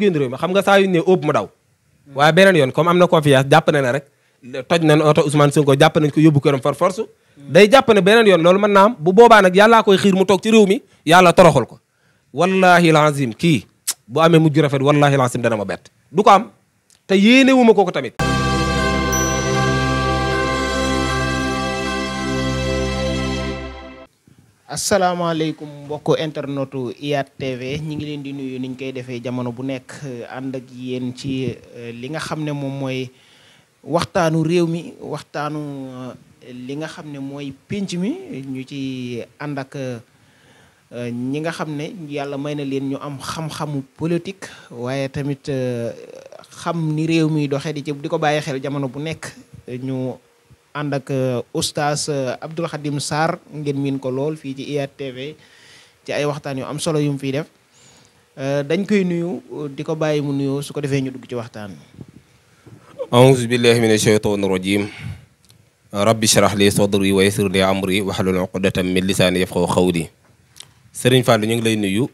génn réew mi xam nga saa yu ne ëpp mu daw waaye beneen yoon comme am na confiance jàpp na rek toj nañ oto Ousmane Sonko jàpp nañ ko yóbbu këram far force day jàpp beneen yoon loolu mën naa bu boobaa nag yàllaa koy xiir mu toog ci réew mi yàlla toroxal ko wallahi lazim kii bu amee mujj rafet wallahi lazim dana ma bett du ko am te yéenewuma kooku tamit asalaamaaleykum mbokku internetu IYAT TV ñi ngi leen di nuyu niñ koy defee jamono bu nekk ànd ak yéen ci euh, li nga xam ne moom mooy waxtaanu réew mi waxtaanu euh, li nga xam ne mooy pénc mi ñu ci ànd ak euh, ñi nga xam ne yàlla may na leen ñu am xam-xamu politique waaye tamit xam ni réew mi doxee di ci di ko bàyyi xel jamono bu nekk ñu ànd ak euh, oustaz euh, Abdoul Khadim Sarr ngeen miin ko lool fii ci tv ci ay waxtaan yu am solo yu mu fiy def euh, dañ koy nuyu di ko bàyyi mu nuyoo su ko defee ñu dugg ci waxtaan auzu billahi min ashaytaani rajim rabbi shrah li sadri wa yassir li amri wahlul uqdatan min lisaani yafqahu qawli Serigne Fall ñu ngi lay nuyu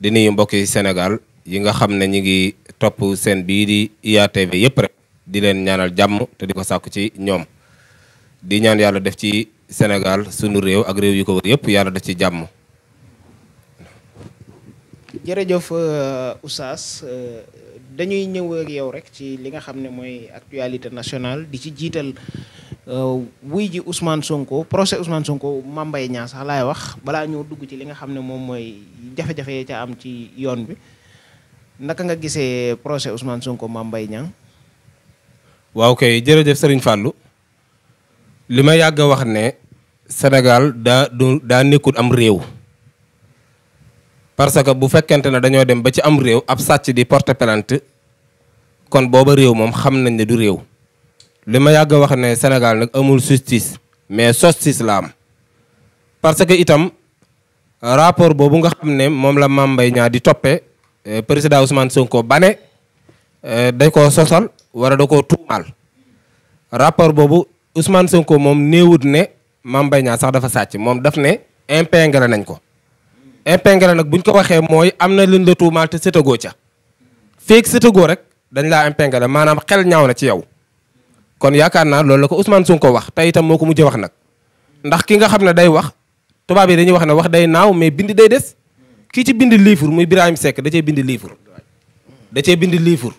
di nuyu mbokki Sénégal yi nga xam ne ñu ngi topp seen bii di IATV yëpp rek di leen ñaanal jàmm te di ko sàkku ci ñoom di ñaan yàlla def ci Sénégal sunu réew ak réew yu ko wër yëpp yàlla def ci jàmm. jërëjëf euh, Oustaz euh, dañuy ñëw ak yow rek ci li nga xam ne mooy actualité nationale di ci jiital euh, wuy ji Ousmane Sonko procès Ousmane Sonko Mame Mbaye Niang sax laay wax balaa ñoo dugg ci li nga xam ne moom mooy jafe-jafe am ci yoon bi naka nga gisee procès Ousmane Sonko Mame Mbaye waaw kay jërëjëf Serigne Fallou li ma yàgg wax ne Sénégal daa du daa nekkul am réew parce que bu fekkente ne dañoo dem ba ci am réew ab sàcc di porte plainte kon booba réew moom xam nañ ne du réew lima ma yàgg wax ne Sénégal nag amul justice mais justice la am parce que itam rapport boobu nga xam ne moom la Mame Mbaye Niang di toppe eh, président Ousmane Sonko ba ne eh, dañ koo sosal wala da koo tuumaal rapport boobu Ousmane Sonko moom néewut ne Mame Mbaye Niang sax dafa sàcc moom daf ne impingré nañ ko impingré nag buñ ko waxee mooy am na luñ la tuumaal te sëtagoo ca feeg sëtagoo rek dañ laa impingré maanaam xel ñaaw na ci yow kon yaakaar naa loolu la ko Ousmane Sonko wax tey itam moo ko mujjee wax nag ndax ki nga xam ne day wax tubaab yi dañuy wax ne wax day naaw mais bind day des ki ci bind livre muy Birahim Seck da cee bind livre da cee bind livre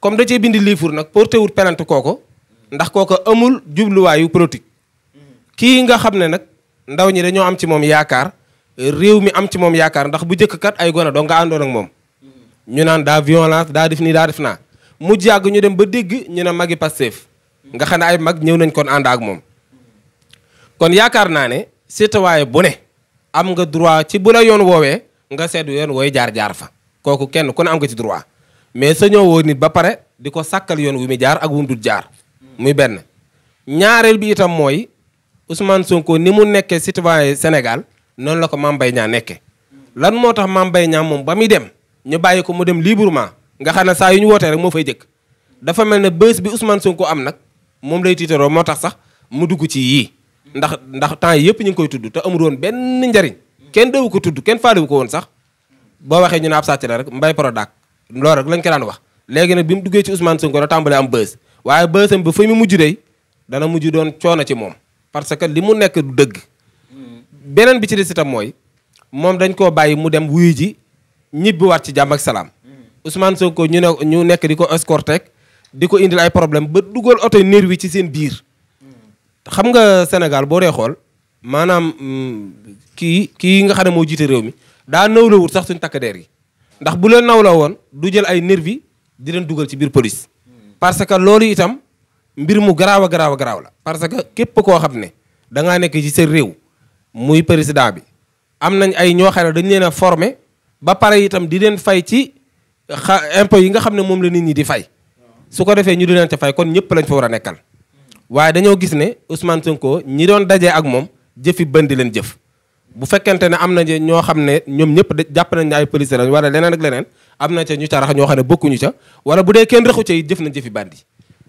comme da cee bind livre nag porté wut pelante kooko ndax kooka amul jubluwaayu politique kii nga xam ne nag ndaw ñi dañoo am ci moom yaakaar réew mi am ci moom yaakaar ndax bu njëkk kat ay gone doo nga àndoon moom. ñu naan daa violence daa def nii daa def naa mu jàgg ñu dem ba dégg ñu ne magi Pastef nga xam ne ay mag ñëw nañ kon ànd ak moom. kon yaakaar naa ne seetawaaye bu ne am nga droit ci bu la yoon woowee nga seetu yoon woy jaar jaar fa kooku kenn ku ne am nga ci droit mais sa ñoo woo ba pare di ko sàkkal yoon wu muy jaar wu mu jaar. muy benn ñaareel bi itam mooy Ousmane Sonko ni mu nekkee citoyen Sénégal noonu la ko Mame Mbaye Niang nekke lan moo tax Mame Mbaye Niang moom muy dem ñu bàyyi ko mu dem librement nga xam ne saa yu ñu wootee rek moo fay jëkk dafa mel ne bés bi Ousmane Sonko am nag moom lay tiitaroo moo tax sax mu dugg ci yii ndax ndax temps yi yëpp ñu ngi koy tudd te amul woon benn njariñ kenn dawu ko tudd kenn faalewu ko woon sax boo waxee ñu ne ab sàcc la rek mbay Prodac loolu rek lañ ko daan wax léegi ne bi mu duggee ci Ousmane Sonko la tàmbalee am bés waaye bësam bi fa mu mujj dey dana mujj doon coono ci moom parce que li mu nekk du dëgg hmm. beneen bi ci des itam mooy moom dañ koo bàyyi mu dem wuyu ji ñibbi waat ci jàmm ak salaam hmm. Ousmane Sonko ñu ne ñu nekk di ko escorté di ko indil ay problème ba dugal oto niir wi ci seen biir hmm. xam nga Sénégal boo dee xool maanaam kii kii nga xam ne moo jiite réew mi daa nawlawut sax suñ takk deer yi ndax bu leen nawla woon du jël ay nervi di leen dugal ci biir police parce que loolu itam mbir mu garaaw a garaaw a garaaw la parce que képp koo xam ne da ngaa nekk ci sa réew muy président bi am nañ ay ñoo xam ne dañ leen a former ba pare itam di leen fay ci xa impôt yi nga xam ne moom la nit ñi di fay su ko defee ñu di leen ca fay kon ñëpp lañ fa war a nekkal waaye dañoo gis ne Ousmane Sonko ñi doon dajee ak moom jëfi bëndi leen jëf bu fekkente ne am na ñoo xam ne ñoom ñëpp da jàpp nañ ne ay police lañ wala leneen ak leneen am na ca ñu ca rax ñoo xam ne bokkuñu ca wala bu dee kenn raxu ca it jëf nañ jëfi bandi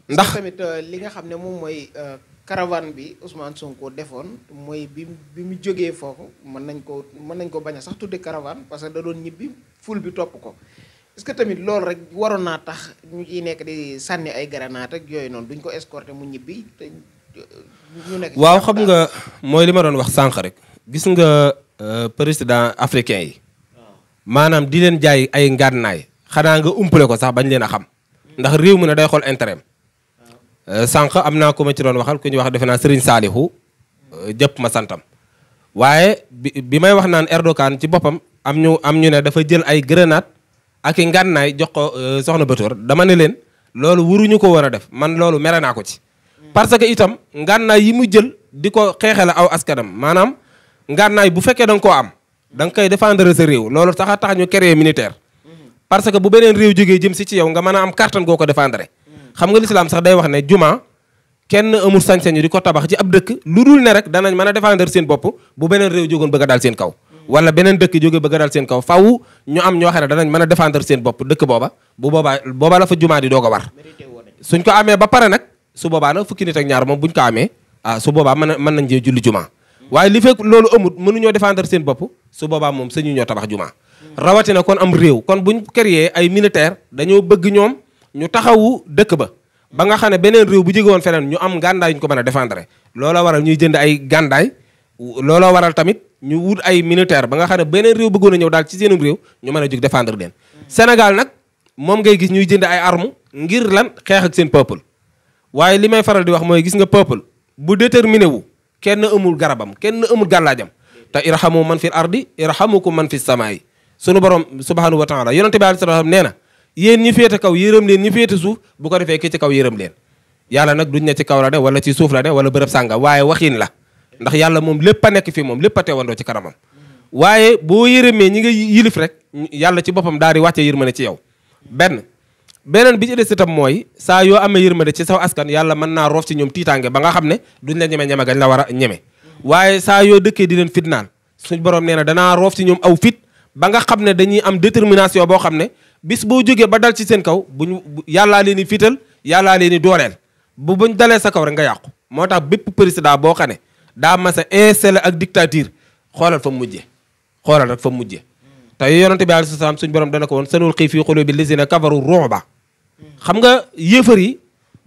ndax tamit euh, li nga xam ne moom mooy euh, caravane bi Ousmane ko defoon mooy bi bi mu jógee foofu mën nañ ko mën nañ ko bañ a sax tudde caravane parce que da doon ñibbi ful bi topp ko est que tamit loolu rek waroon naa tax ñu ciy nekk di sànni ay grenade ak yooyu noonu duñ ko escorter mu ñibbi te euh, nekk waaw xam nga mooy li ma doon wax sànq rek gis nga euh, président africain yi maanaam di leen jaay ay ngànnaay xanaa nga umpale ko sax bañ leen a xam ndax réew mi ne day xool intérêt euh, sanq am naa ko ci doon waxal ku ñuy wax defe naa Serigne Saalihu euh, jëpp ma santam waaye bi may wax naan Erdogan ci boppam am ñu am ñu ne dafa jël ay grenade ak i ngànnaay jox ko soxna Batoor dama ne leen loolu waruñu ko war a def man loolu mere naa ko ci. parce que itam ngànnaay yi mu jël di ko xeexale aw askanam maanaam. ngànnaay bu fekkee danga koo am danga nga koy défendre sa réew loolu tax a tax ñu créer militaire parce que bu beneen réew jógee jëm si ci yow nga mën a am kàttan goo ko défendre xam nga lislaam sax day wax ne jumaa kenn amul sañ di ko tabax ci ab dëkk lu dul ne rek danañ mën a défendre seen bopp bu beneen réew jógoon bëgg daal seen kaw wala beneen dëkk jóge bëgg a seen kaw faw ñu am ñoo xam ne danañ mën seen bopp dëkk booba bu boobaa booba la fa jumaa di doog a war suñ ko amee ba pare nag su boobaa nag fukki nit ak ñaar moom buñ ko amee ah su boobaa mën mën nañ jee julli jumaa waaye li fekk loolu amut mënuñoo défendre seen bopp su boobaa moom sañu ñoo tabax jumaa rawatina kon am réew kon buñ créé ay militaire dañoo bëgg ñoom ñu taxawu dëkk ba ba nga xam ne beneen réew bu jóge feneen ñu am gàndaay ñu ko mën a défendre looloo waral ñuy jënd ay gàndaay looloo waral tamit ñu wut ay militaire ba nga xam ne beneen réew bëggoon a ñëw daal ci seenum réew ñu mën a jóg défendre leen Sénégal nag moom ngay gis ñuy jënd ay arme ngir lan xeex seen peuple waaye li may faral di wax mooy gis nga peuple bu déterminé wu kenn amul garabam kenn amul gàllaajam te irhamu man fil ardi irhamukum man fis samaa'i sunu borom subhanahu wa taala yonente bi aleyhi salaam suuf bu ko defee ki ci kaw yërëm leen yàlla nag ne ci kaw la ne wala ci suuf la ne wala bërëb sànga waaye waxiin la ndax yàlla moom lépp a nekk fi moom lépp a teewandoo ci kanamam waaye boo yërëmee ñi nga yilif rek yàlla ci boppam daal di wàcce yërmande ci yow benn beneen bi ci des tam mooy saa yoo amee yërmande ci saw askan yàlla mën naa roof ci ñoom tiitaange ba nga xam ne duñ la ñeme ñeme gañ la war a ñeme waaye saa yoo dëkkee di leen fitnaan suñ borom nee na danaa roof ci ñoom aw fit ba nga xam ne dañuy am détermination boo xam ne bis boo jógee ba dal ci seen kaw buñu yàllaa leen di fital yàllaa leen di dooleel bu buñ dalee sa kaw rek nga yàqu moo tax bépp président boo xam ne daa mas a installé ak dictature xoolal fa mujje xoolal rek fa mujje te yonente bi alayhi salaam suñ borom dana ko woon sanul xii fii xulubi lazina kafaru ruuba xam nga yéefar yi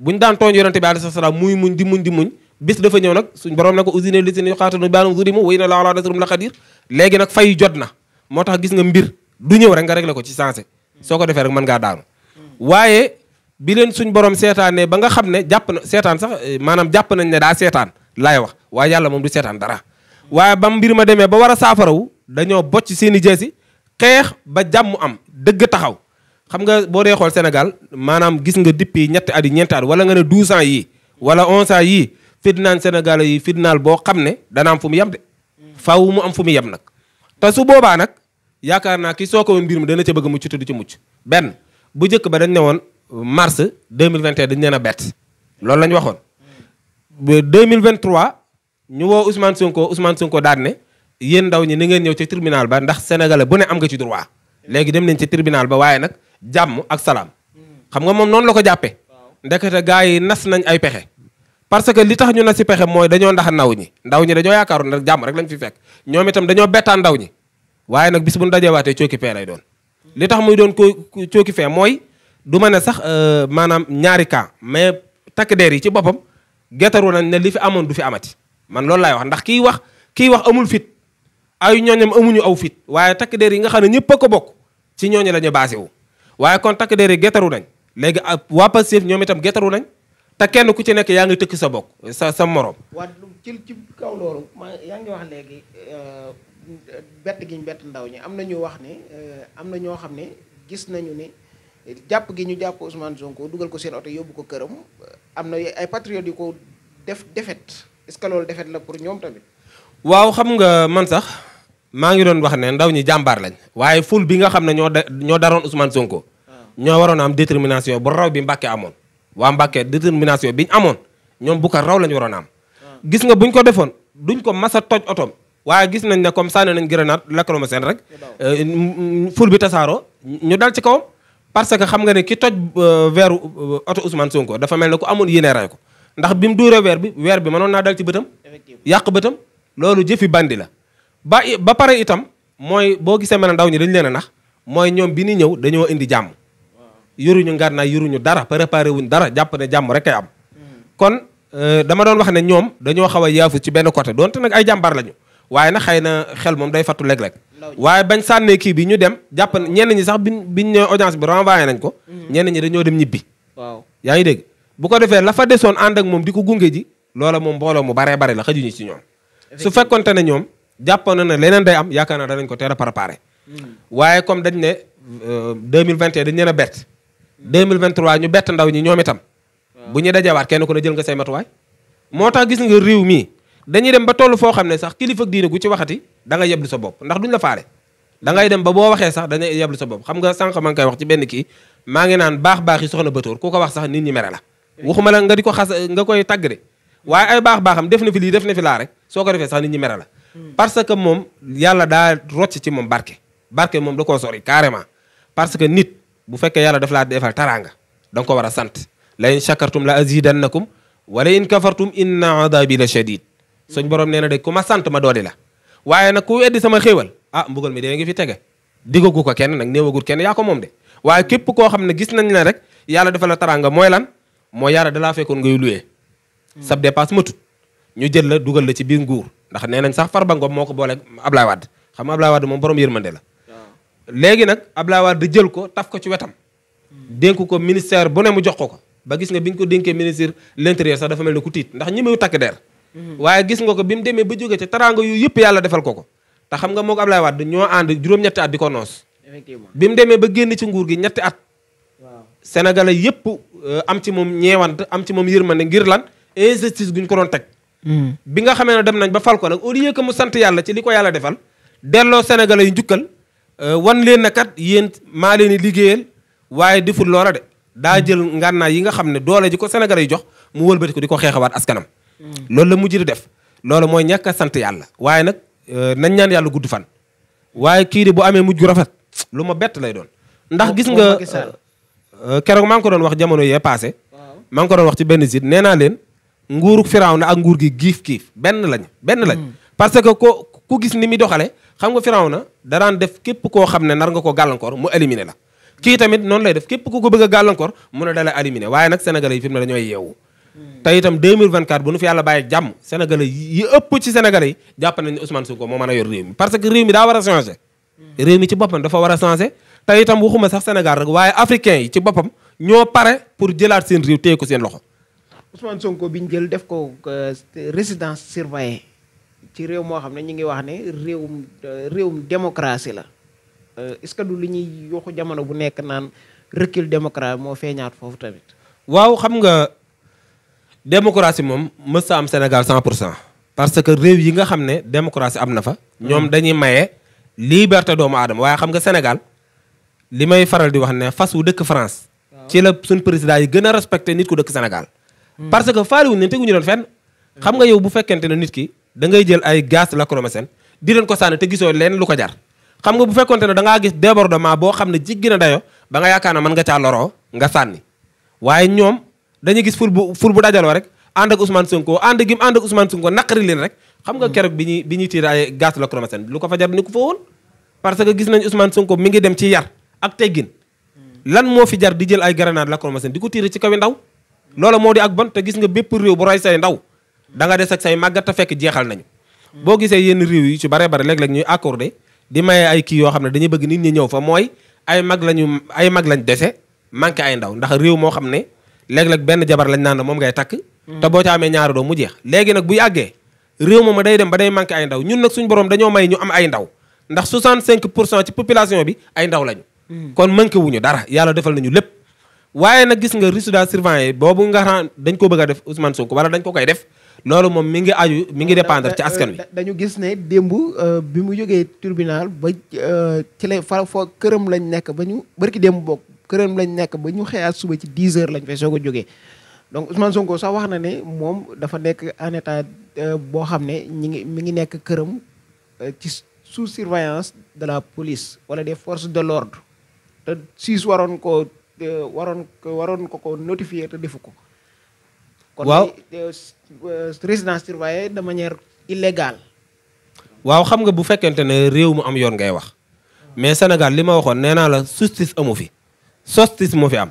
buñ daan tooñ yonente bi alayhi salaam muy muñ di muñ di muñ bis dafa ñëw nag suñ borom ne ko usine lisine yu xaatanu baanum zurimu way na laalaa nasrum la xadir léegi nag fay jot na moo tax gis nga mbir du ñëw rek nga réglé ko ci sensé soo ko defee rek mën ngaa daanu waaye bi leen borom seetaanee ba nga xam ne jàpp seetaan sax eh, maanaam jàpp nañ ne daa seetaan laay wax waaye yàlla moom du seetaan dara waaye ba mbir ma demee ba war a saafarawu dañoo bocc seen i jeesi xeex ba jàmm am dëgg taxaw xam nga boo dee xool Sénégal maanaam gis nga dippi ñetti at yi ñeenti at wala nga ne douze ans yii wala onze ans yii fitnaan Sénégal yi fitnaal boo xam ne dana am fu mu yem de faaw mu am fu mu yem nag te su boobaa nag yaakaar naa ki soo ko woon mbir mi dana ca bëgg a mucc te du ci mucc benn bu njëkk ba ne woon mars 2021 dañ leen a bett loolu la ñu waxoon 2023 ñu woo Ousmane Sonko Ousmane Sonko daan yéen ndaw ñi ni ngeen ñëw ci tribunal ba ndax sénégale bu ne am nga ci droit léegi dem nañ ci tribunal ba waaye nag jàmm ak salaam xam nga moom noonu la ko jàppee ndekete gars yi nas nañ ay pexe parce que li tax ñu nas si pexe mooy dañoo ndax ndaw ñi ndaw ñi dañoo yaakaaroon na jàmm rek lañ fi fekk ñoom itam dañoo bettaan ndaw waaye nag bis bu ñu dajeewaatee cooki fee lay doon li tax muy doon ko cooki fee mooy du ma ne sax euh, maanaam ñaari cas mais takk yi ci boppam gettaru nañ ne li fi amoon du fi amati man loolu laay wax ndax wax kii wax amul fit ay ñooñam amuñu aw fit waaye takk deer yi nga xam ne ñëpp ko bokk ci ñooñu la ñu wu waaye kon takk der yi getaru nañ léegi waa Pastef ñoom itam getaru nañ te kenn ku ci nekk yaa ngi tëkk sa bokk sa sa morom. waa ci ci kaw loolu ma yaa ngi wax léegi euh, bett giñ bett ndaw ñi am na ñu wax ne euh, am na ñoo xam ne gis nañu ne jàpp gi ñu jàpp Ousmane Sonko dugal ko seen oto yóbbu ko këram euh, am na ay patriotes yu ko def defet est-ce que loolu defet la pour ñoom tamit. waaw xam nga man sax. maa ngi doon wax ne ndaw ñi jàmbaar lañ waaye ful bi nga xam ne ñoo ñoo daroon Ousmane Sonko ah. ñoo waroon am détermination bu raw bi Mbàkke amoon waa Mbàkke détermination bi amoon ñoom bu ko raw lañ waroon am ah. gis nga buñ ko defoon duñ ko mas a toj otom waaye gis nañ ne comme sànni nañ grenade lacrymogène rek euh, ful bi tasaaroo ñu dal ci kawam parce que xam nga ne ki toj weeru euh, euh, oto Sonko dafa mel ne ku amoon yéene ko ndax bi mu duuree weer bi weer bi mënoon naa dal ci bëtam yàq bëtam loolu jëfi bandi la ba ba pare itam mooy boo gisee mel ne ndaw ñi dañu leen a nax mooy ñoom bi ni ñëw dañoo indi jàmm yoruñu ngànnaay yoruñu dara préparé wuñ dara jàpp ne jàmm rek am kon euh, dama doon wax ne ñoom dañoo xaw a yaafu ci benn côté donte nag ay jàmbaar lañu waaye na xëy na xel moom day fattu léeg-léeg waaye bañ sànnee kii bi ñu dem jàpp ne ñenn ñi sax biñ biñ ñëw audience bi renvoyé nañ ko mm-hmm. ñenn ñi dañoo dem ñibbi waaw yaa ngi dégg bu ko defee la fa desoon ànd ak moom di ko gunge ji loola moom mbooloo mu baree bari la xajuñu ci ñoom su fekkonte ne ñoom jàppoon na ne leneen day am yaakaar naa danañ ko teel a hmm. waaye comme dañ ne 2021 euh, dañ leen a bett. 2023 ñu bett ndaw ñi ñoom itam. bu ñu dajawaat kenn ku ne jël nga say matuwaay. moo tax gis nga réew mii dañuy dem ba tollu foo xam ne sax kilifa diine gu ci waxati da nga yeblu sa bopp ndax duñ la faale. da ngay dem ba boo waxee sax dañuy yeblu sa bopp xam nga sànq maa ngi koy wax ci benn kii maa ngi naan baax baax yi soxna Batoor ku ko wax sax nit ñi mere la. waxuma la nga di ko xas nga koy tàgg de waaye ay baax baaxam def na fi lii def na fi laa rek soo ko defee sax nit ñi la parce que moom yàlla daa rocc ci moom barke barke moom da koo sori carrément parce que nit bu fekkee yàlla daf laa defal taraanga da nga ko war a sant la in shakartum la azidannakum wala in kafartum inna adabi la shadid suñ borom nee na de ku sant ma dooli la waaye na ku weddi sama xéewal ah mbugal mi dee ngi fi tege digagu ko kenn nag néewagut kenn yaa ko moom de waaye képp koo xam ne gis nañ la rek yàlla defal la taraanga mooy lan mooy yàlla dalaa fekkoon ngay luwee sab dépasse matut ñu jël la dugal la ci biir nguur ndax nee nañ sax Farba Ngom moo ko booleeg Ablaye Wade xam nga Ablaye Wade moom borom yërmande la. léegi nag Ablaye Wade jël ko taf ko ci wetam. dénk ko ministère bu ne mu jox ko ko ba gis nga bi ñu ko dénkee ministre l'intérieur sax dafa mel ni tiit ndax ñi muy takk der. Mhm. waaye gis nga ko bi mu demee ba jóge ci taraanga yu yëpp yàlla defal ko ko. te xam nga moo ko Ablaye Wade ñoo ànd juróom-ñetti at di ko noos. bi mu demee ba génn ci nguur gi ñetti at. waaw yëpp euh, am ci moom ñeewant am ci moom yërmande ngir lan injustice guñ ko doon teg Hmm. bi nga xamee ne dem nañ ba fal ko nag au lieu que mu sant yàlla ci li ko yàlla defal delloo sénégalais yu njukkal euh, wan leen na kat yéen maa leen di liggéeyal waaye deful loola de daa jël ngànnaay yi nga xam ne doole ji ko sénégalais yi jox mu wëlbati ko di ko xeexawaat askanam hmm. loolu la mujj di def loolu mooy ñekk a sant yàlla waaye nag euh, nañ ñaan yàlla gudd fan waaye kii di bu amee mujj rafet lu ma bett lay doon ndax gis nga euh, keroog maa ngi ko doon wax jamono yee passé maa ngi ko wax ci benn site nee naa leen nguuru Firawna ak nguur gi giif giif benn lañ benn lañ hmm. parce que ko ku gis ni muy doxale xam nga Firawna daraan def képp koo xam ne nar nga ko gàllankoor mu éliminer la kii tamit noonu lay def képp ku ko bëgga gàllankoor mu ne dala éliminer waaye nag sénégalais yi fi ne dañooy yeewu hmm. te itam 2024 bu nu fi yàlla bàyyi jàmm sénégalais yi ëpp ci sénégalais yi jàpp nañ ne Ousmane moo mën a yor réew mi parce que réew mi daa war a changé hmm. réew mi ci boppam dafa war a changé te itam waxuma sax Sénégal rek waaye africain yi ci boppam ñoo pare pour jëlaat seen téye ko seen loxo Ousmane Sonko bi ñu jël def ko euh, résidence surveillée ci réew moo xam ne ñu ngi wax ne réewum euh, réewum démocratie la euh, est-ce que du li ñuy yuuxu jamono bu nekk naan recul démocratie moo feeñaat foofu tamit. waaw xam nga démocratie moom mës sa am Sénégal 100 pour cent parce que réew yi nga xam ne démocratie am na fa. ñoom mm-hmm. dañuy maye liberté doomu aadama waaye xam nga Sénégal li may faral di wax ne fas wu dëkk France. ci la sun président yi gën a respecté nit ku dëkk Sénégal. parce que faaliwuñ ne teguñu leen fenn. xam nga yow bu fekkente ne nit ki dangay jël ay gaz lacrymogène di leen ko sànni te gisoo leen lu ko jar. xam nga bu fekkonte ne da ngaa gis débordement boo xam ne jiggi na dayo ba nga yaakaar ne mën nga caa loroo nga sànni waaye ñoom dañuy gis ful bu ful bu dajaloo rek ànd ak Ousmane Sonko ànd gi mu ànd ak Ousmane Sonko naqari leen rek xam nga hmm. keroog bi ñuy bi ñuy tiir ay gaz lacrymogène lu ko fa jar ni ku fa woon parce que gis nañ Ousmane mi ngi dem ci yar ak teggin hmm. lan moo fi jar di jël ay grenade lacrymogène di ko tiire ci kaw ndaw loola moo di ak bon te gis nga bépp réew bu roy say ndaw danga nga des ak say màggat te fekk jeexal nañu boo gisee yenn réew yi ci bare bare léeg-léeg ñuy accordé di maye ay kii yoo xam ne dañuy bëgg nit ñi ñëw fa mooy ay mag lañu ay mag lañ dese manqué ay ndaw ndax réew moo xam ne léeg-léeg benn jabar lañ naan moom ngay takk te boo ca amee ñaari doom mu jeex léegi nag bu yàggee réew moom day dem ba day manqué ay ndaw ñun nag suñu borom dañoo may ñu am ay ndaw ndax 65 pour cent ci population bi ay ndaw lañu hmm. kon manqué wuñu dara yàlla defal nañu lépp waaye nag gis nga résultat surveillant yi boobu nga xam dañ ko bëgg a def Ousmane Sonko wala dañ ko koy def loolu moom mi ngi aju mi ngi dépendre ci askan wi. dañu gis ne démb euh, bi mu jógee tribunal ba euh, ci la fa këram lañ nekk ba ñu barki démb bokk këram lañ nekk ba ñu xëyaat suba ci 10 heures lañ fay soo a jógee. donc Ousmane Sonko sax wax na ne moom dafa nekk en état euh, boo xam ne ñi ngi mi ngi nekk këram ci sous surveillance de la police wala des force de l'ordre te siis waroon ko waroon waroon ko ko notifier te defu ko. waaw kon euh, résidence surveillée de manière illégale. waaw xam nga bu fekkente ne réew mu am yoon ngay wax mais Sénégal li ma waxoon nee naa la justice amu fi justice moo fi am.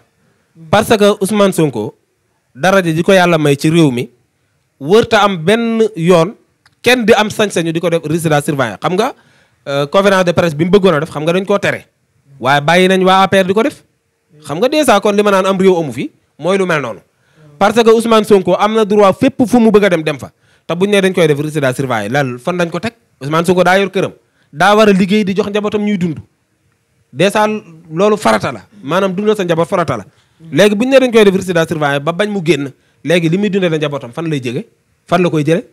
parce que Ousmane Sonko dara ji di ko yàlla may ci réew mi wërta am benn yoon kenn di am sañ-sañu di ko def résidence surveillée xam nga euh, conférence de presse bi mu bëggoon def xam nga dañ koo tere waaye bàyyi nañ waa APR di ko def. xam nga dèjà kon li naan am réew amu fi mooy lu mel noonu. parce que Ousmane Sonko am na droit fépp fu mu bëgg a dem dem fa te buñ ne dañ koy def résidence surveillée lan fan lañ ko teg Ousmane Sonko daa yor këram daa war a liggéey di jox njabootam ñuy dund. dèjà loolu farata la maanaam dundal sa njaboot farata la léegi buñ ne dañ koy def résidence surveillée ba bañ mu génn léegi li muy dundee la njabootam fan lay jege fan la koy jële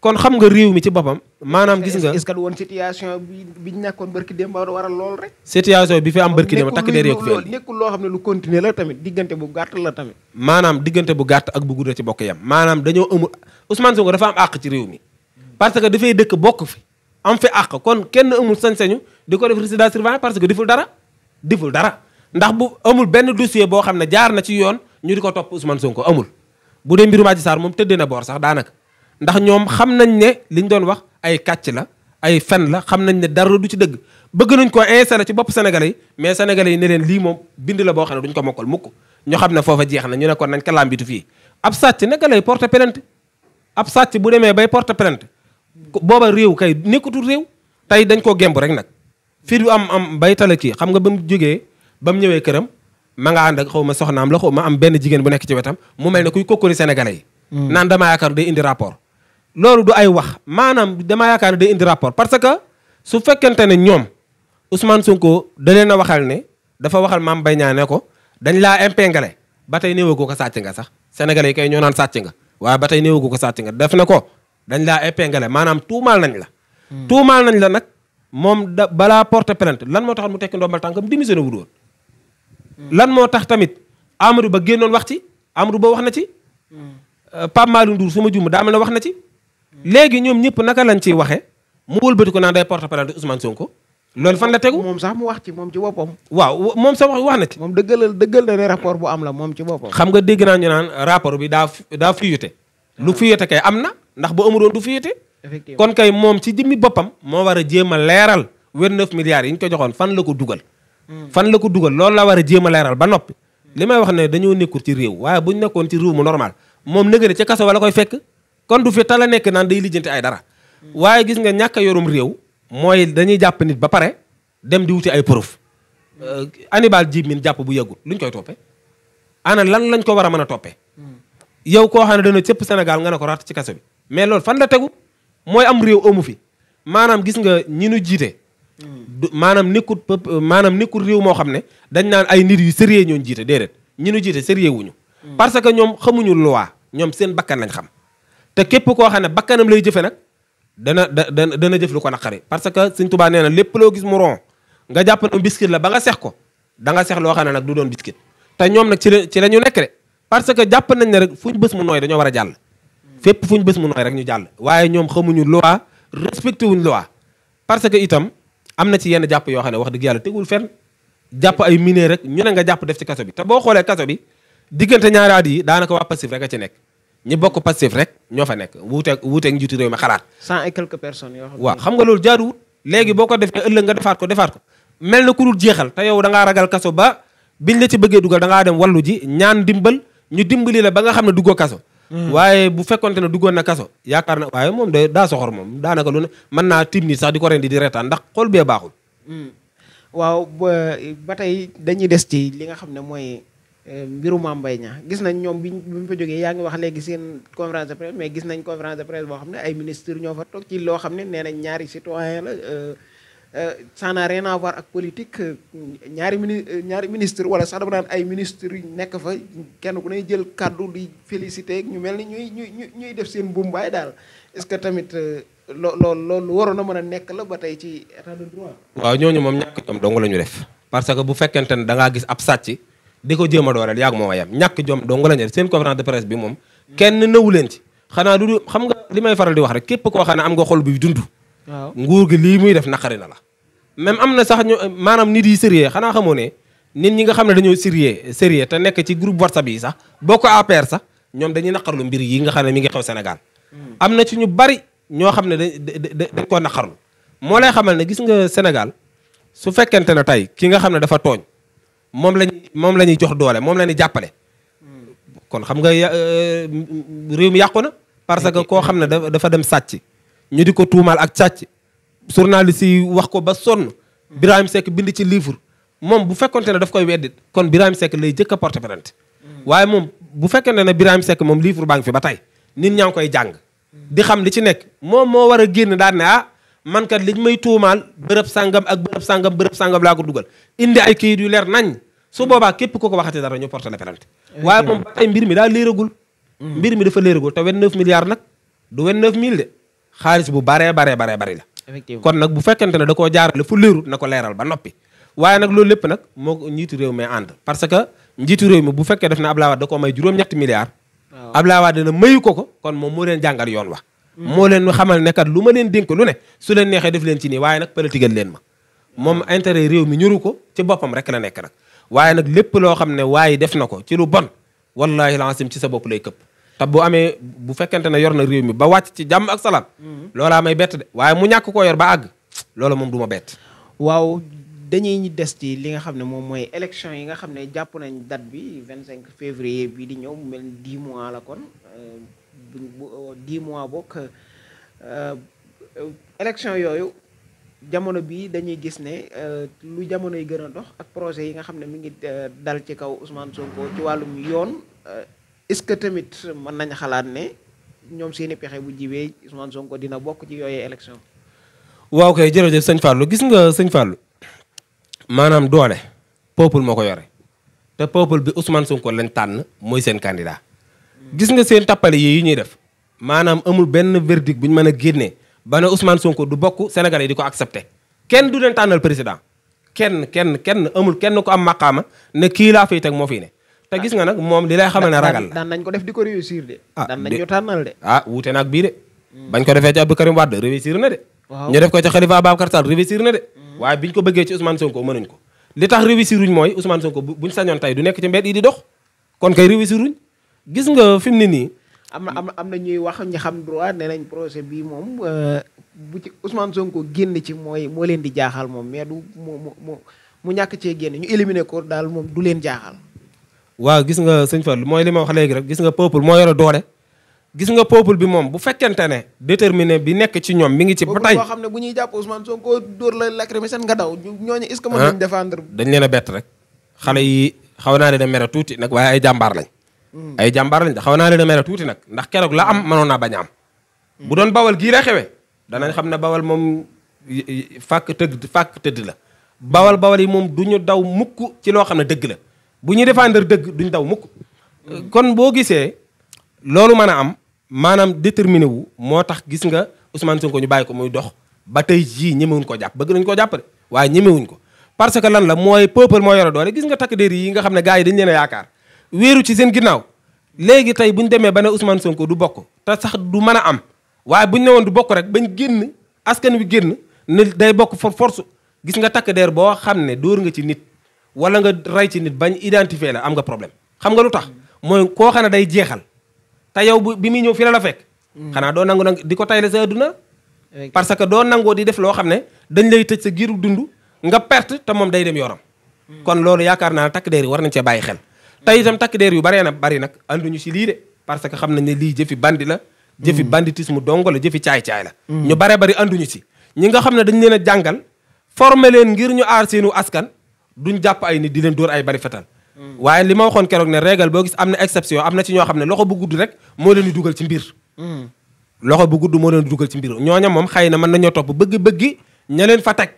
kon xam nga réew mi ci boppam maanaam gis nga est-ce situation bi bi ñu nekkoon barki démb waral lool rek. situation bi fi am barki démb takk der yeeku fi nekkul loo xam ne lu continuer la tamit diggante bu gàtt la tamit. maanaam diggante bu gàtt ak bu gudd ci bokk yam maanaam dañoo amul Ousmane Sonko dafa am àq ci réew parce que dafay dëkk bokk fi am fi àq kon kenn amul sañ-sañu di ko def résidence surveillée parce que diful dara di fu dara ndax bu amul benn dossier boo xam ne jaar na ci yoon ñu di ko topp Ousmane Sonko amul bu dee mbirum Adji Sarr moom tëddee na boor sax daanaka ndax ñoom xam nañ ne liñ doon wax ay kàcc la ay fen la xam nañ ne dara du ci dëgg bëgg nañ ko installé ci bopp sénégalais yi mais sénégalais yi ne leen lii moom bind la boo xam ne duñ ko mokkal mukk ñu xam ne foofa jeex na ñu ne kon nañ ko làmbitu fii ab sàcc naka lay porte plainte ab sàcc bu demee bay porte plainte booba réew kay nekkatul réew tey dañ koo gemb rek nag fii du am am bay tala kii xam nga ba mu jógee ba mu ñëwee këram ma nga ànd ak xaw ma soxnaam la xaw ma am benn jigéen bu nekk ci wetam mu mel ne kuy kokkori sénégalais yi hmm. naan dama yaakaar day indi rapport loolu du ay wax maanaam dama yaakaar ne day indi rapport parce que su fekkente ne ñoom Ousmane Sonko ko leen na waxal ne dafa waxal Mame bay Niang ne ko dañ laa impingale ba tey ne ko ko sàcc nga sax sénégalais yi kay ñoo naan sàcc nga waaye ba tey néewa ko ko sàcc nga def na ko dañ laa impingale maanaam tuumaal nañ la hmm. tuumaal nañ la nag moom da balaa porte plainte lan moo taxoon mu tekki ndombal tànkam démissionné wu doon hmm. lan moo tax tamit Amadou Ba génnoon wax ci Amadou Ba wax na ci hmm. euh, Pape Malick Ndour su ma juum daa mel ne wax na ci léegi ñoom ñëpp naka lañ ciy waxe mu wëlbati ko naan day porte parole de Ousmane Sonko. loolu fan la tegu moom sax mu wax ci moom ci boppam. waaw moom sax wax wax na ci. moom dëggal dëggal na ne rapport bu am la moom ci boppam. xam nga dégg ñu naan rapport bi daa daa fiyute. lu fiyute kay am na ndax bu amuloon du fiyute. effectivement kon kay moom ci jëmmi boppam moo war a jéem a leeral wér 9 milliards yi ñu ko joxoon fan la ko dugal. Hmm. fan la ko dugal loolu la war a jéem a leeral ba noppi. Hmm. li may wax ne dañoo nekkul ci réew waaye bu ñu nekkoon ci réew mu normal moom nëgëri ca kaso wala koy fekk. kon du fi tala nekk naan day lijjanti ay dara waaye gis nga ñàkk a yorum réew mooy dañuy jàpp nit ba pare dem di wuti ay preuve euh, Hannibal Djim min jàpp bu yàggut luñ koy toppe ana lan lañ ko war a mën a toppee hmm. yow koo xam ne dana cëpp Sénégal nga ne ko ratt ci kaso bi mais loolu fan la tegu mooy am réew omu fi maanaam gis nga ñi nu jiite hmm. maanaam nekkut euh, maanaam nekkut réew moo xam ne dañ naan ay nit yu sérieux ñoon jiite déedéet ñi nu jiite sérieux wuñu hmm. parce que ñoom xamuñu loi ñoom seen bakkan lañ xam te képp koo xam ne bakkanam lay jëfe nag dana dana dana jëf lu ko naqari parce que Sëñ Tuubaa nee na lépp loo gis mu ron nga jàpp ne biscuit la ba nga seex ko da nga sex loo xam ne nag du doon biscuit te ñoom nag ci la ci la ñu nekk de parce que jàpp nañ ne rek fu ñu bës mu nooy dañoo war a jàll fépp fu ñu bés mu nooy rek ñu jàll waaye ñoom xamuñu loi respecté wuñ loi parce que itam am na ci yenn jàpp yoo xam ne wax dëgg yàlla tegul fen jàpp ay mineur rek ñu ne nga jàpp def ci kaso bi te boo xoolee kaso bi diggante ñaari at yi daanaka waa passif rek a ci nekk ñu bokk Pastef rek ñoo fa nekk wuuteeg wuuteeg njiitu réew mi xalaat. cent et quelques personnes yoo xam waaw xam nga loolu jaaduwut léegi boo ko defee ëllëg nga defaat ko defaat ko mel na ku dul jeexal te yow da ngaa ragal kaso ba biñ la ci bëggee dugal da ngaa dem wallu ji ñaan dimbal ñu dimbali la ba nga xam ne duggoo kaso. Hmm. waaye bu fekkonte ne duggoon na kaso yaakaar na waaye moom day daa soxor moom daanaka lu ne mën naa tiim nii sax di ko rendi di reetaan ndax xol bee baaxul. Hmm. ba tey dañuy des ci li nga xam ne mooy Euh, mbiru mbay Mbaye gis nañ ñoom bi ñu fa jógee yaa ngi wax léegi seen conférence de presse mais gis nañ conférence de presse boo xam ne ay ministre ñoo fa toog ci loo xam ne nee nañ ñaari citoyen la euh, euh, ça n'a rien à voir ak politique ñaari mini ñaari ministre wala sax ay ministre yu nekk fa kenn ku ne jël kàddu di félicité ñu mel ni ñuy ñuy ñuy def seen bumbaay daal est-ce que tamit loo loolu waroon a mën a nekk la ba tey ci état de droit. waaw ñooñu moom ñàkk ñoom dong la ñu def parce que bu fekkente ne da ngaa gis ab sàcc. di ko jéem a dooleel yàgg moo yem ñàkk jom dong la ñu seen conférence de presse bi moom kenn nëwu leen ci xanaa du xam nga li may faral di rek képp koo xam am nga xol buy dund nguur gi lii muy def naqari na la même am na sax ñu maanaam nit yi sérieux xanaa xamoo ne nit ñi nga xam ne dañoo sérieux sérieux te nekk ci groupe whatsapp yi sax boo ko APR sax ñoom dañuy naqarlu mbir yi nga xam ne mi ngi xew senegal hmm. am na ci ñu bari ñoo xam ne dañ dañ koo naqarlu moo lay xamal ne gis nga Sénégal su fekkente ne tey ki nga xam ne dafa tooñ moom lañ moom la ñuy jox doole moom la ñuy jàppale. kon xam nga euh, réew mi yàqu na. parce que koo xam ne dafa dem sàcc. ñu di ko tuumaal ak sàcc. journaliste si wax ko ba sonn. Birahim Seck bind ci livre. moom bu fekkonte ne daf koy weddit kon Birahim Seck lay jëkk a porte plainte waaye moom bu fekkente ne Birahim sekk moom livre baa ngi fi ba tey. nit ñaa ngi koy jàng. di xam li ci nekk moom moo war a génn daal ne ah man kat liñ may tuumaal bërëb sangam ak bërëb sàngam bërëb sàngam laa ko dugal indi ay kayit yu leer nañ soo boobaa képp ko ko waxati dara ñu porté la plainte waaye moom ba mbir mi daa leeragul mm. mbir mi dafa léeragul te 29 milliards nag du 29 mill de xaalis bu bare baree baree bari la kon nag bu fekkente ne da koo jaarale fu léerut na ko leeral ba noppi waaye nag loolu lépp nag moo njiitu réew mi ànd parce que njiitu réew ma bu fekkee def na Abdoulaye Wade da koo may juróom-ñetti milliards Abdoulaye Wade dina mayu ko ko kon moom moo leen yoon wax moo leen xamal ne kat lu ma leen dénk lu ne su leen neexee def leen ci nii waaye nag politigal leen ma moom intérêt réew mi ñuru ko ci boppam rek la nekk nag waaye nag lépp loo xam ne waaye def na ko ci lu bon wallahi laasim ci sa bopp lay këpp te bu amee bu fekkente ne yor na réew mi ba wàcc ci jàmm ak salaam mm-hmm. loola may bett de waaye mu ñàkk ko yor ba àgg loola moom du ma bett waaw dañuy des ci li nga xam ne moom mooy élection yi nga xam ne jàpp nañ date bi 25 février bii di ñëw mu mel 10 mois la kon euh, dix mois bokk euh, euh, élection yooyu jamono bi dañuy gis ne euh, lu jamono yi gën a ndox ak projet yi nga xam ne mi ngi dal ci kaw Ousmane Sonko ci wàllum yoon est-ce que tamit mën nañ xalaat ne ñoom seeni pexe bu jibee Ousmane Sonko dina bokk ci yooyee élection waaw kay jërëjëf sëñ Fallou gis nga sëñ Fallou maanaam doole peuple moo ko yore te peuple bi Ousmane Sonko lañ tànn mooy seen candidat gis nga seen tappale yi ñuy def maanaam amul benn verdict bu ñu mën a génnee ba ne Ousmane Sonko du bokk Sénégalais di ko accepté kenn du leen tànnal président kenn kenn kenn amul kenn ko am maqaama ne kii laa fi teg moo fiy ne. gis nga nag moom li lay xamal ne ragal la daan nañ ko def di ko réussir de. ah daan nañ ñu ah, bii de. bañ ko defee ci Abdou Karim Wade réussir na de. ñu def ko ci Khalifa Babacar Sall réussir na de. waaye biñ ko bëggee ci Ousmane Sonko mënuñ ko. li tax réussiruñ mooy Ousmane tey du nekk ci mbedd yi di dox kon kay réussiruñ gis nga fi mu ne nii. am na am na ñuy wax ñu xam droit ne nañ projet bii moom euh, bu ci Ousmane Sonko génn ci mooy moo leen di jaaxal moom mais du mu mu mu ñàkk cee génn ñu éliminer ko daal moom du leen jaaxal. waaw gis nga sëñ Fall mooy li wax léegi rek gis nga peuple moo yore doole. gis nga peuple bi moom bu fekkente ne déterminé bi nekk ci ñoom mi ngi ci ba tey boo xam ne bu ñuy jàpp Ousmane Sonko dóor la lacrymogène nga daw ñooñu est-ce que mën ah, dañ leen a bett rek xale yi xaw naa leen a mere tuuti nag waaye jàmbaar lañ ay jàmbaar lañ xaw naa leen a mere tuuti nag ndax keroog la am mënoon naa bañ am. bu doon bawal gii la xewee danañ xam ne bawal moom fàkk tëdd fàkk tëdd la. bawal bawal yi moom duñu daw mukk ci loo xam ne dëgg la bu ñuy défendre dëgg duñ daw mukk. kon boo gisee loolu ma a am maanaam déterminé wu moo tax gis nga Ousmane Sonko ñu bàyyi ko muy dox ba tey jii ñemewuñ ko jàpp bëgg nañ ko jàpp de waaye ñemewuñ ko. parce que lan la mooy peuple moo yore doole gis nga takk dér yi nga xam ne gars yi dañ leen a yaakaar wéeru ci seen ginnaaw léegi tey bu ñu demee ba ne Ousmane Sonko du bokk te sax du mën a am waaye bu ñu ne woon du bokk rek bañ génn askan wi génn ne day bokk for force gis nga takk der boo xam ne dóor nga ci nit wala nga rey ci nit bañ identifier la am nga problème xam nga lu tax mooy koo xam ne day jeexal te yow bi muy ñëw fi la la fekk. Mm. xanaa doo nangu nag di ko tayle sa adduna. parce que doo nangoo di def loo xam ne dañ lay tëj sa giiru dund nga perte te moom day dem yoram. Mm. kon loolu yaakaar naa takk der yi war nañ cee bàyyi xel. tey tam takk deer yu baree na bari nag anduñu si lii de parce que xam nañ ne lii jëfi bandi la jëfi mm. banditisme dong la jëfi caay-caay la mm. ñu bare bari anduñu si ñi nga xam ne dañu leen a jàngal former leen ngir ñu aar seenu askan duñ jàpp ay nit di leen dóor ay bari fetal mm. waaye li ma waxoon keroog ne régal boo gis am na exception am na ci ñoo xam ne loxo bu gudd rek moo leen dugal ci mbir loxo bu gudd moo leen di dugal ci mbir ñooña moom xëy na mën nañoo topp bëgg-bëggi ña leen fa teg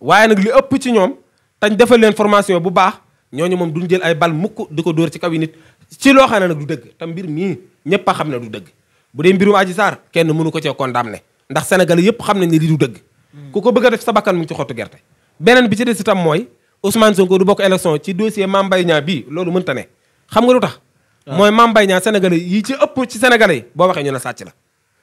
waaye nag li ëpp ci ñoom tañ defal leen formation bu baax ñooñu moom duñ jël ay bal mukk di ko dóor ci kaw nit ci loo xam ne nag du dëgg te mbir mii ñëpp xam ne du dëgg bu dee mbirum Adji Sarr kenn mënu ko cee condamné ndax sénégalais yëpp xam nañ ne lii du dëgg ku ko bëgg def sa bakkan mu ngi ci xottu gerte beneen bi ci des itam mooy Ousmane Sonko du bokk élection ci dossier Mame Mbaye Niang bii loolu mënta ne xam nga ah. mooy Mame Mbaye Niang ci ëpp ci sénégalais yi boo waxee ñu ne sàcc la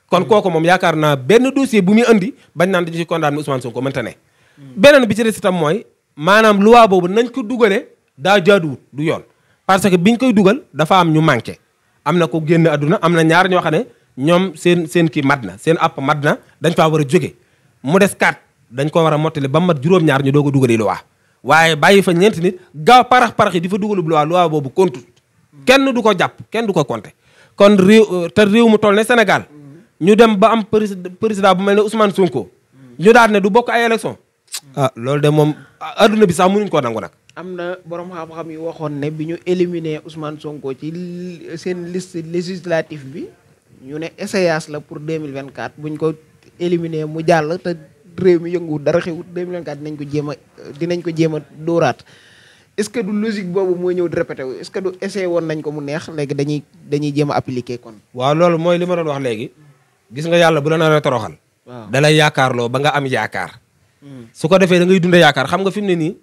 kon hmm. kooku moom yaakaar naa benn dossier bu muy andi bañ naan dañu ci condamné Ousmane Sonko mënta ne hmm. beneen bi ci des itam mooy maanaam loi boobu nañ ko dugale daa jaaduwut du yoon parce que biñ koy dugal dafa am ñu manqué am na ko génn àdduna am na ñaar ñoo xam ne ñoom seen seen kii mat na seen app mat na dañ faa war a jóge mu des kaat dañ ko war a mottali ba mat juróom-ñaar ñu doog a dugali luwaa waaye bàyyi fa ñeenti nit gaaw parax parax yi di fa dugalub luwaa waa boobu kontut kenn du ko jàpp kenn du ko compté kon réew euh, te réew mu toll ne Sénégal ñu dem ba am président bu mel ne Ousmane Sonko ñu daal ne du bokk ay élection ah, loolu de moom adduna bi sax mënuñ koo nangu nag am na borom xam-xam yu waxoon ne bi ñu éliminer Ousmane Sonko ci seen liste législative bi ñu ne essayage la pour 2024 buñ ko éliminer mu jàll te réew mi yëngu dara xewut 2024 dinañ ko jéem a dinañ ko jéem a dóoraat est-ce que du boobu mooy ñëw di répété wu est-ce que du woon nañ ko mu neex léegi dañuy dañuy jéem a appliqué kon. waaw loolu mooy li ma doon wax léegi. gis nga yàlla bu la naree toroxal. waaw da lay yaakaarloo ba nga am yaakaar. Hmm. su ko defee da ngay yaakaar xam nga fi mu ne nii.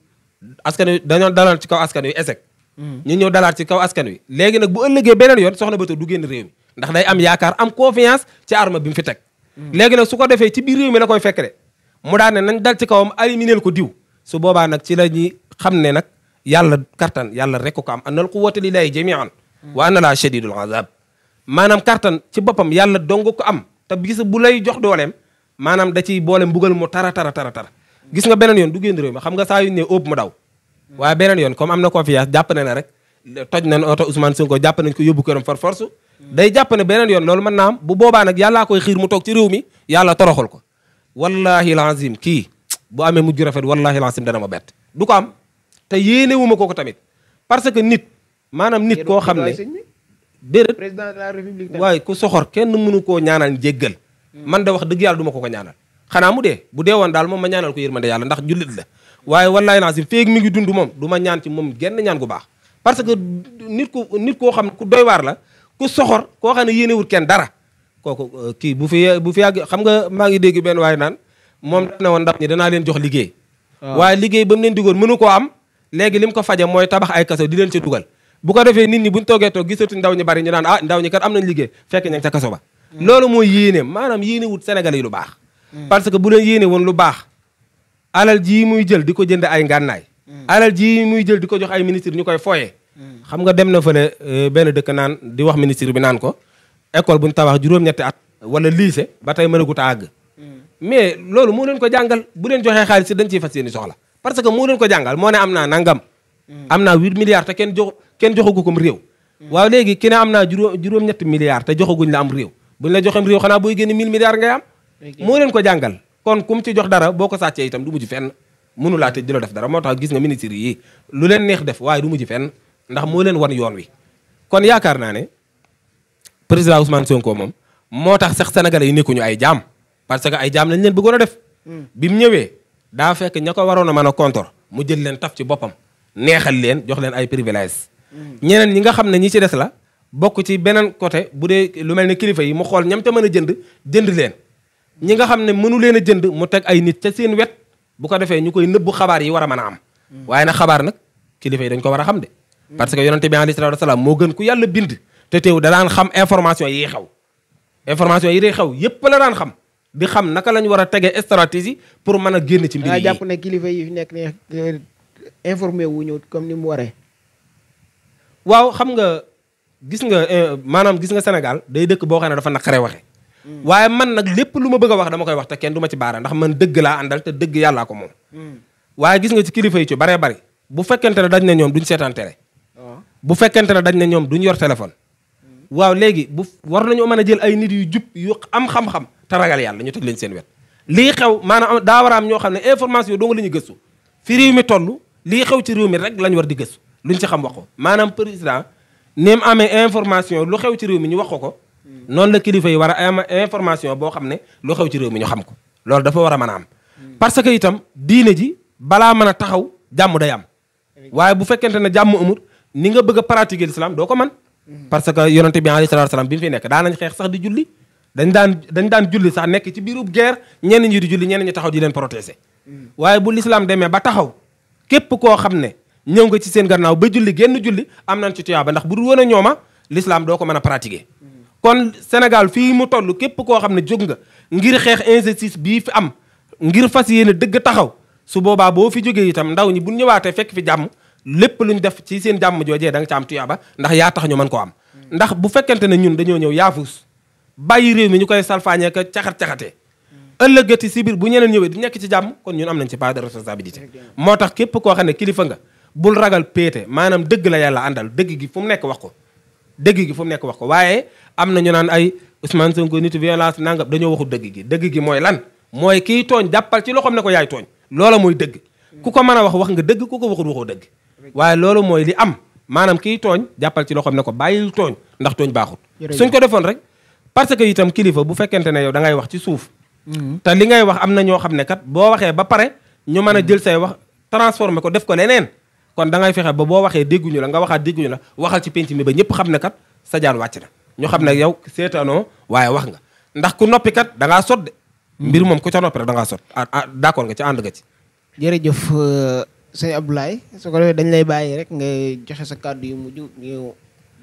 askan wi dañoo dalal ci kaw askan wi échec. Hmm. ñu ñëw dalaat ci kaw askan wi léegi nag bu ëllëgee beneen yoon soxna Bator du génn réew mi ndax day am yaakaar am confiance ci arme bi mu fi teg hmm. léegi nag su ko defee ci biir réew mi la koy fekk de mu daan ne dal ci kawam éliminer ko diw su boobaa nag ci la ñuy xam ne nag yàlla kartan yàlla rek ko am annal quwwata lillahi jami'an hmm. wa anna laa shadidul azab maanaam kartan ci boppam yàlla dong ko am te gis bu lay jox dooleem maanaam da ciy boole mbugal mu tara tara tara tara gis nga beneen yoon du génn réew ma xam nga saa yu ne ëpp mu daw waaye beneen yoon comme am na confiance jàpp na ne rek toj nañ oto Ousmane Sonko jàpp nañ ko yóbbu këram far force day jàpp ne beneen yoon loolu mën naa bu boobaana nag ko koy xiir mu toog ci réew mi yàlla toroxal ko wallahi lazim kii bu amee mujj rafet wallahi lazim dana ma bett du ko am te yéene wu ma ko ko tamit parce que nit maanaam nit koo xam ne déedéet waaye ku soxor kenn mënu koo ñaanal jéggal man de wax dëgg yàlla ma ko ko ñaanal xanaa mu dee bu dee woon daal moom ma ñaan ko yërmande yàlla ndax jullit la waaye wallaay naa si feeg mi ngi dund moom du ma ñaan ci moom genn ñaan gu baax parce que nit ko nit koo xam ku doy waar la ku soxor koo xam ne yéenewul kenn dara kooku euh, kii bu fi bu fi yàgg xam nga maa ngi dégg benn waaye naan moom daf ne woon ndax ñi danaa leen jox liggéey waaye liggéey ba mu leen digoon mënu koo am léegi li mu ko faje mooy tabax ay kaso di leen ca dugal bu ko defee nit ñi buñ toogee toog gisatuñ ndaw ñi bari ñu naan ah ndaw ñi kar am nañ liggéey fekk ña ngi ca kaso ba hmm. loolu mooy yéene maanaam yéene yi lu parce que bu leen yéene woon lu baax alal jii muy jël di ko jënd ay ngànnaay alal jii muy jël di ko jox ay ministre ñu koy fooye xam nga dem na fële euh, benn dëkk naan di wax ministre bi naan ko école bu ñu tabax juróom-ñetti at wala lycée ba tey mënagut a àgg mais loolu moo leen ko jàngal bu leen joxe xaalis si dañ ciy fas yéeni soxla parce que moo leen ko jàngal moo ne am naa nangam am naa huit milliards te kenn jox kenn joxagu ko réew waaw léegi ki ne am naa juróom juróom-ñetti milliards te joxaguñ la am réew buñ la joxem réew xanaa booy génn mille am moo leen ko jàngal kon ku ci jox dara boo ko sàccee itam du mujj fenn mënu laa tëj di def dara moo tax gis nga ministre yi lu leen neex def waaye du mujj fen ndax moo leen wan yoon wi kon yaakaar naa ne président Ousmane Sonko moom moo tax sax sénégalais yi nekkuñu ay jaam parce que ay jaam lañ leen bëggoon a def hmm. bi mu ñëwee daa fekk ña ko waroon a mën a kontor mu jël leen taf ci boppam neexal leen jox leen ay privilèges hmm. ñeneen ñi nga xam ne ñi ci des la bokk ci beneen côté bu dee lu mel ne kilifa yi mu xool ñam te mën a jënd jënd leen ñi nga xam ne mënu leen a jënd mu teg ay nit ca seen wet bu ko defee ñu koy nëbbu xabaar yi war a mën a am waaye na xabaar nag kilifa dañ ko war a xam de parce que yonente bi alayhi salaatu wasalaam moo gën ku yàlla bind te teew da xam information yi xew information yi day xew yépp la daan xam di xam naka lañ war a tege stratégie pour mën a génn ci mbir yi jàpp ne kilifa yi fi nekk ne informé wu ñëw comme ni mu waree waaw xam nga gis nga euh, maanaam gis nga senegal day dëkk boo xam ne dafa naqaree waxe waaye man nag lépp lu ma bëgg a wax dama koy wax te kenn du ma ci baara ndax man dëgg laa àndal te dëgg yàllaa ko moom waaye gis nga ci kilifa yi ci baree bari bu fekkente ne dañ ne ñoom duñ seetaan télé bu fekkente ne dañ ne ñoom du duñ yor téléphone waaw léegi bu war nañoo mën a jël ay nit yu jub yu am xam-xam te ragal yàlla ñu teg leen seen wet lii xew maanaam daa war am ñoo xam ne information doo nga la ñu gëstu fi réew mi toll lii xew ci réew mi rek lañ war di gëstu luñ ci xam wax ko maanaam président ni mu amee information lu xew ci réew mi ñu wax ko ko noonu la kilifa yi war a am information boo xam ne lu xew ci réew mi ñu xam ko loolu dafa war a mën a am parce que itam diine ji balaa mën a taxaw jàmm day am waaye bu fekkente ne jàmm amul ni nga bëgg a pratiquer l'islam doo ko man parce que yonente bi alayhi salaatu salaam bi mu fi nekk daanañ xeex sax di julli dañ daan dañ daan julli sax nekk ci biirub guerre ñenn ñi di julli ñenn ñi taxaw ji leen protéger waaye bu l'islam demee ba taxaw képp koo xam ne ñëw nga ci seen gannaaw ba julli génn julli am nañ ci tuyaaba ndax bu woon a ñooma l'islam doo ko mën a pratiquer kon Sénégal fii mu toll képp koo xam ne jóg nga ngir xeex injustice bii fi am ngir fas yéene dëgg taxaw su boobaa boo fi jógee itam ndaw ñi bu ñëwaatee fekk fi jàmm lépp lu def ci seen jàmm joojee da nga ca am tuyaaba ndax yaa tax ñu mën koo am. ndax bu fekkente ne ñun dañoo ñëw yaafus bàyyi réew mi ñu koy salfaañee ko caxat caxatee. ëllëgati si biir bu ñeneen ñëwee di nekk ci jàmm kon ñun am nañ ci part de responsabilité. moo tax képp koo xam ne kilifa nga bul ragal péete maanaam dëgg la yàlla àndal dëgg gi fu mu nekk wax ko dëgg gi fu mu nekk wax ko waaye am na ñu naan ay Ousmane Sonko nitu violence nangam dañoo waxul dëgg gi dëgg gi mooy lan mooy kii tooñ jàppal ci loxoom ne ko yaay tooñ loola mooy dëgg ku ko mën a wax wax nga dëgg ku ko waxul waxoo dëgg waaye loolu mooy li am maanam kii tooñ jàppal ci loxoom ne ko bàyyil tooñ ndax tooñ baaxul suñ ko defoon rek parce que itam kilifa bu fekkente ne yow da ngay wax ci suuf mm-hmm. te li ngay wax am na ñoo xam ne kat boo waxee ba pare ñu mën a mm-hmm. jël wax transformé ko def ko leneen kon da ngay fexe ba boo waxee dégguñu la nga waxaat dégguñu la waxal ci penc mi ba ñëpp xam ne kat sa jaan wàcc na ñu xam ne yow seetaanoo waaye wax nga ndax ku noppi kat da sot de mbir moom ku ca noppi rek da ngaa sot ah, ah d'accord nga ci ànd nga ci. jërëjëf euh, sëñ Abdoulaye su dañ lay bàyyi rek nga joxe sa kàddu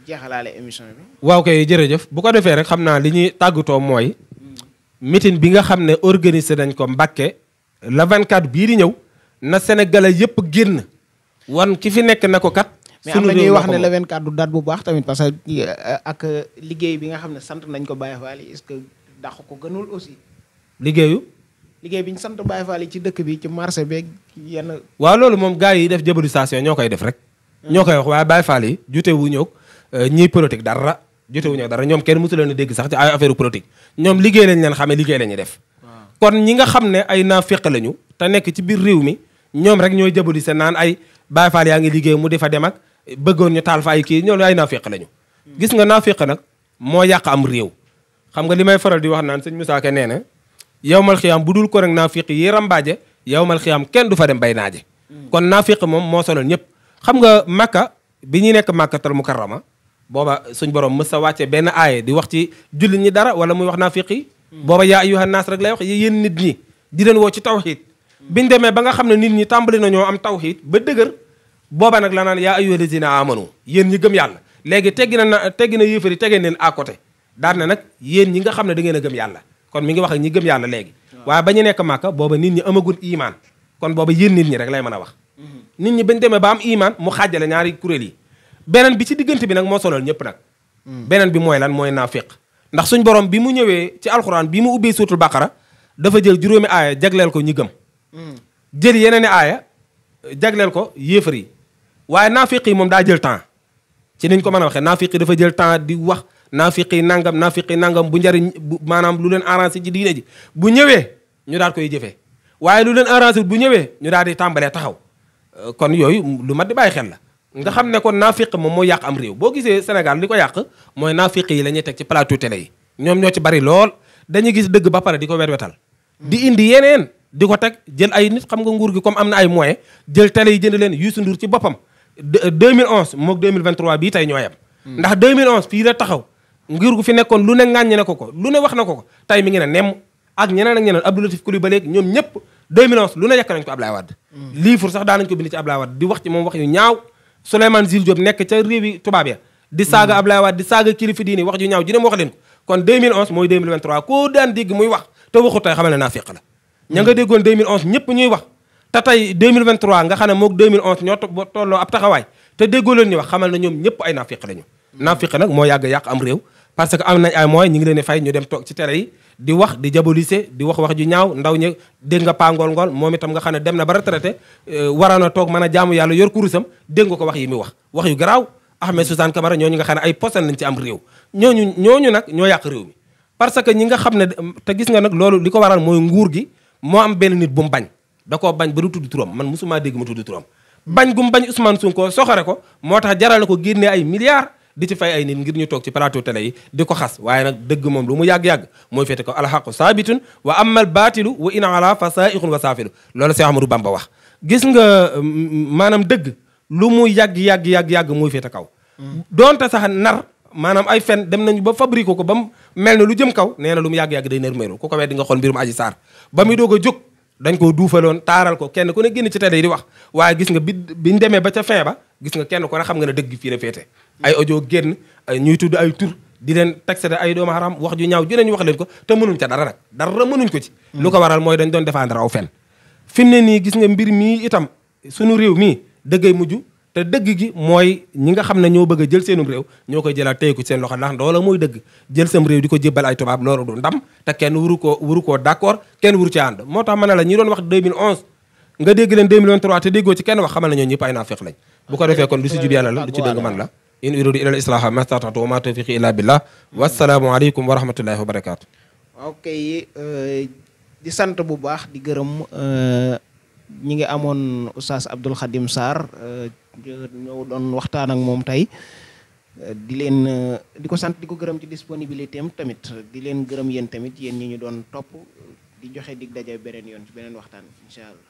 jeexalaale émission bi. waaw kay jërëjëf bu ko defee rek xam naa li ñuy tàggatoo mooy. meeting bi nga xam ne organisé dañ ko Mbàkke le 24 bii di ñëw na Sénégalais yëpp génn. wan ki fi nekk na ko kat. mais am na ñuy wax ne le 24 du date bu baax tamit parce que euh, ak euh, bi nga xam ne sant nañ ko Baye Fall est-ce que dàq ko gënul aussi. liggéeyu. liggéey bi ñu sant Baye Fall ci dëkk bi ci marché beeg yenn. waaw loolu moom gars yi def diabolisation ñoo koy def rek. Hmm. ñoo koy wax waaye Baye Fall yi jute wu ñëw euh, ñiy politique dara jute wu ñëw dara ñoom kenn mosu leen a dégg sax ci ay affaire politique ñoom liggéey lañ leen xamee liggéey la ñuy def. Hmm. kon ñi nga xam ne ay naa naafeq lañu te nekk ci biir réew mi ñoom rek ñooy diaboliser naan ay Baay Faal yaa ngi liggéey mu di fa dem ak bëggoon ñu taal fa ay kii ñoom ay naafiq lañu. gis nga naafiq nag moo yàq am réew. xam nga li may faral di wax naan sëñ Moussa Ka nee na yowmal xiyaam bu dul ko rek naafiq yi rambaaje yowmal xiyaam kenn du fa dem bay naaje. kon naafiq moom moo sonal ñëpp. xam nga Makka bi ñuy nekk Makkatal Mukarrama booba suñ borom mës sa wàcce benn aaye di wax ci jullit ñi dara wala muy wax naafiq yi. Hmm. booba yaa ayyuhan naas rek lay wax yéen nit ñi di leen woo ci tawxiid biñ demee ba nga xam ne nit ñi tàmbali nañoo ñoo am tawxiid ba dëgër booba nag la naan yaa ayyuha lazina amano yéen ñi gëm yàlla léegi teggi na na teggi na yéefari tegee leen à côté daan na nag yéen ñi nga xam ne dangeen a gëm yàlla kon mi ngi wax ak ñi gëm yàlla léegi waaye ba ñu nekk màkka booba nit ñi amagul imaan kon booba yéen nit ñi rek lay mën a wax mm-hmm. nit ñi bañ demee ba am imaan mu xaajale ñaari kuréel yi beneen bi ci diggante bi nag moo solool ñëpp nag mm. beneen bi mooy lan mooy naafiq ndax suñ borom bi mu ñëwee ci alxuraan bi mu ubbee suutul baqara dafa jël juróomi aaya jagleel ko ñi gëm jël yeneen i aaya jagleel ko yéefar yi waaye naafiq yi moom daa jël temps ci niñ ko mën a waxee naafiq yi dafa jël temps di wax naafiq yi nangam naafiq yi nangam bu njariñ maanaam lu leen arrangé ci diine ji bu ñëwee ñu daal koy jëfee waaye lu leen arrangé bu ñëwee ñu daal di tàmbalee taxaw euh, kon yooyu lu mat di bàyyi xel la nga xam ne kon naafiq moom mooy yàq am réew boo gisee Sénégal di ko yàq mooy naafiq yi la ñuy teg ci plateau télé yi ñoom ñoo ci bari lool dañuy gis dëgg ba pare di ko di ko teg jël ay nit xam nga nguur gi comme am na ay moyens jël télé yi jënd leen Youssou Ndour ci boppam 2011 moog 2023 bii tey ñoo yem hmm. ndax 2011 fii la taxaw nguur gu fi nekkoon lu ne ŋàññi ne ko ko lu ne wax na ko ko tey mi ngi ne nemm ak ñeneen ak ñeneen Abdou Latif Coulibaly ñoom ñëpp 2011 lu ne yekk nañ ko Ablaye Wade hmm. livre sax daanañ ko bind ci Ablaye Wade di wax ci moom wax yu ñaaw Souleymane nekk ca réewi tubaab ya di hmm. saaga Ablaye Wade di ne ma wax leen ña nga déggoon 2011 ñëpp ñuy wax te tey 2023 nga xam ne moog 2011 ñoo tolloo ab taxawaay te déggoo leen ñu wax xamal na ñoom ñëpp ay naafiq lañu naafiq nag am réew parce que am nañ ay moyens ñu ngi leen di fay ñu dem toog ci télé yi di wax wax wax ñaaw ndaw ñi dégg nga Pa Ngol moom itam nga xam ne dem na ba retraité euh, waroon a toog mën a jaamu yàlla yor kurusam dégg ko wax yi muy wax wax yu garaaw Ahmed Suzanne Camara ñooñu nga xam ne ay posan lañ ci am réew ñooñu ñooñu nag ñoo yàq réew mi parce que ñi nga xam ne te gis nga nag loolu li ko waral mooy nguur gi moo am benn nit bu mu bañ da koo bañ ba du tudd turam man mosumaa dégg ma tudd turam bañ gum bañ Ousmane ko soxare ko moo tax jarale ko génnee ay milliards di ci fay ay nit ngir ñu toog ci plateau télé yi di ko xas waaye nag dëgg moom lu mu yàgg-yàgg mooy féete ko alxaqu saabitun wa amal baatilu wa in ala fa saaixun wa saafilu loolu Seex Ahmadu Bamba wax gis nga mm, mm, maanaam dëgg lu mu yàgg-yàgg-yàgg-yàgg mooy féete kaw mm. doonte sax nar maanaam ay fen dem nañu ba fabriqué ko ba mu mel na lu jëm kaw nee na lu mu yàgg-yàgg day nërmeelu ku ko weddi nga xool mbirum aji saar ba muy doog a jóg dañ koo duufaloon taaral ko kenn ku ne génn ci télé yi di wax waaye gis nga bi biñ demee ba ca fin ba gis nga kenn ku ne xam nga ne dëgg gi fii la féete ay audio génn ñuy tudd ay tur di leen taxé ay doom haram wax ju ñaaw ju ne ñu wax leen ko te mënuñ ca dara nag dara mënuñ ko ci lu ko waral mooy dañ doon défendre aw fen fi ne nii gis nga mbir mii itam suñu réew mii dëggay mujj te dëgg gi mooy ñi nga xam ne ñoo bëgg jël seenum réew ñoo koy jëlaat téye ko ci seen loxo ndax loola mooy dëgg jël sam réew di ko jébbal ay tubaab loolu ndam te kenn wuru koo wuru kenn wuru ci ànd moo tax ma ne la ñi doon wax 2011 nga dégg leen 2023 te déggoo ci kenn wax xamal ne ñoo ñëpp ay naafiq lañ bu ko defee kon du si jub la du ci dëgg man la in uridu illa al-islaha ma stata'tu wa ma tawfiqi illa billah wassalaamu aleykum wa rahmatullahi euh, di sant bu baax di gërëm euh, ñi ngi amoon oustaz Abdoul Khadim Sarr euh, ñëw doon waxtaan ak moom tey di leen di ko sant di ko gërëm ci disponibilité am tamit di leen gërëm yéen tamit yéen ñi ñu doon topp di joxe dig daje beneen yoon ci beneen waxtaan incha